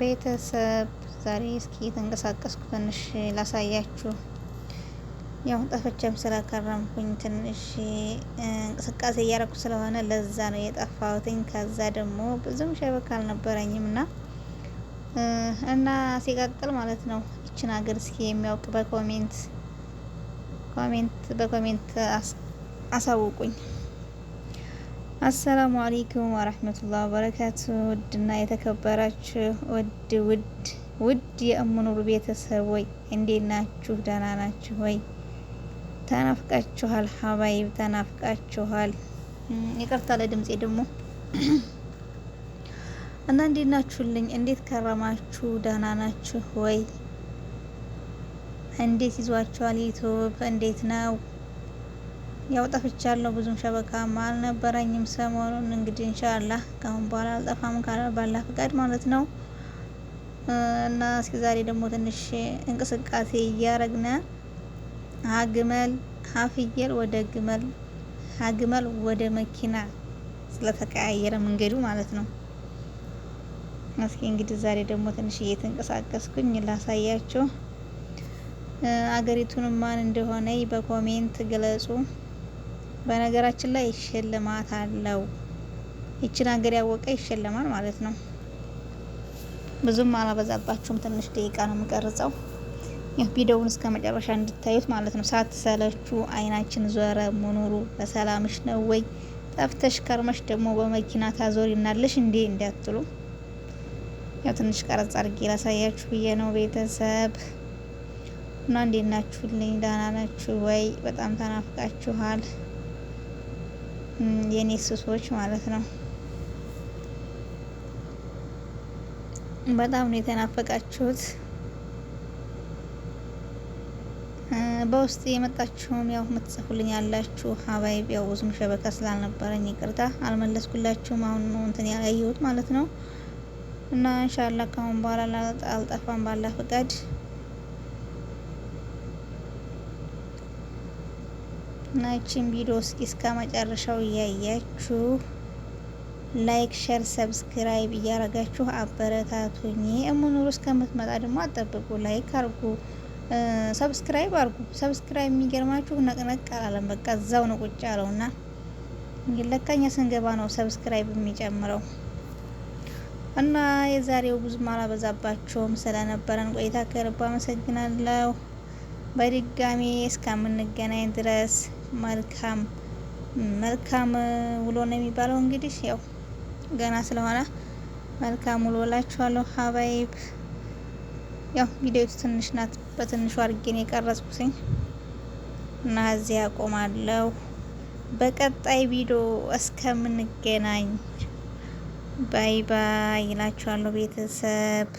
ቤተሰብ ዛሬ እስኪ ተንቀሳቀስኩ ትንሽ ላሳያችሁ። ያው ጠፍቼም ስለከረምኩኝ ትንሽ እንቅስቃሴ እያረኩ ስለሆነ ለዛ ነው የጠፋሁትኝ። ከዛ ደግሞ ብዙም ሸበካ አልነበረኝም እና እና ሲቀጥል ማለት ነው ይችን ሀገር እስኪ የሚያውቅ በኮሜንት ኮሜንት በኮሜንት አሳውቁኝ። አሰላሙ አሌይኩም ወረህመቱላህ በረካቱ ውድና የተከበራችሁ ውድ ውድ ውድ የእምኑር ቤተሰብ ወይ እንዴት ናችሁ? ደህና ናችሁ ወይ? ተናፍቃችኋል፣ ሀባይብ ተናፍቃችኋል። ይቅርታ ለድምፄ ደግሞ እና እንዴት ናችሁልኝ? እንዴት ከረማችሁ? ደህና ናችሁ ወይ? እንዴት ይዟችኋል? ዩቱብ እንዴት ነው? ያው ጠፍቻለሁ፣ ብዙም ሸበካም አልነበረኝም ሰሞኑን። እንግዲህ እንሻላህ ከአሁን በኋላ አልጠፋም ካለ ባላ ፍቃድ ማለት ነው። እና እስኪ ዛሬ ደግሞ ትንሽ እንቅስቃሴ እያረግነ ሀግመል ሀፍየል ወደ ግመል ሀግመል ወደ መኪና ስለተቀያየረ መንገዱ ማለት ነው። እስኪ እንግዲህ ዛሬ ደግሞ ትንሽ እየተንቀሳቀስኩኝ ላሳያችሁ። አገሪቱን ማን እንደሆነ በኮሜንት ግለጹ። በነገራችን ላይ ሽልማት አለው። ይችን ሀገር ያወቀ ይሸልማል ማለት ነው። ብዙም አላበዛባችሁም። ትንሽ ደቂቃ ነው የምቀርጸው። ይህ ቪዲዮውን እስከ መጨረሻ እንድታዩት ማለት ነው። ሳትሰለቹ አይናችን ዞረ መኖሩ በሰላምሽ ነው ወይ ጠፍተሽ ከርመሽ ደግሞ በመኪና ታዞር ይናለሽ እንዴ እንዲያትሉ ያው ትንሽ ቀረጽ አድርጌ ላሳያችሁ ብዬ ነው ቤተሰብ እና እንዴት ናችሁልኝ? ደህና ናችሁ ወይ? በጣም ተናፍቃችኋል። የኔ ስሶች ማለት ነው። በጣም ነው የተናፈቃችሁት። በውስጥ የመጣችሁም ያው የምትጽፉልኝ ያላችሁ ሀባይብ ያው ብዙም ሸበካ ስላልነበረኝ ይቅርታ አልመለስኩላችሁም። አሁን ነው እንትን ያየሁት ማለት ነው። እና እንሻላ ካሁን በኋላ አልጠፋም ባላ ፈቃድ። እና ይችን ቪዲዮ እስኪ እስከ መጨረሻው እያያችሁ ላይክ፣ ሸር፣ ሰብስክራይብ እያረጋችሁ አበረታቱኝ። እሙኑሩ እስከምትመጣ ደግሞ አጠብቁ። ላይክ አርጉ፣ ሰብስክራይብ አርጉ። ሰብስክራይብ የሚገርማችሁ ነቅነቅ አላለም፣ በቃ እዛው ነው ቁጭ ያለው እና ለካኛ ስንገባ ነው ሰብስክራይብ የሚጨምረው። እና የዛሬው ብዙም አላበዛባቸውም። ስለነበረን ቆይታ ከልብ አመሰግናለሁ። በድጋሚ እስከምንገናኝ ድረስ መልካም መልካም ውሎ ነው የሚባለው። እንግዲህ ያው ገና ስለሆነ መልካም ውሎ ላችኋለሁ ሀባይብ። ያው ቪዲዮቱ ትንሽ ናት፣ በትንሹ አርጌን የቀረጽኩትኝ እና እዚያ አቆማለሁ። በቀጣይ ቪዲዮ እስከምንገናኝ ባይ ባይ ይላችኋለሁ ቤተሰብ።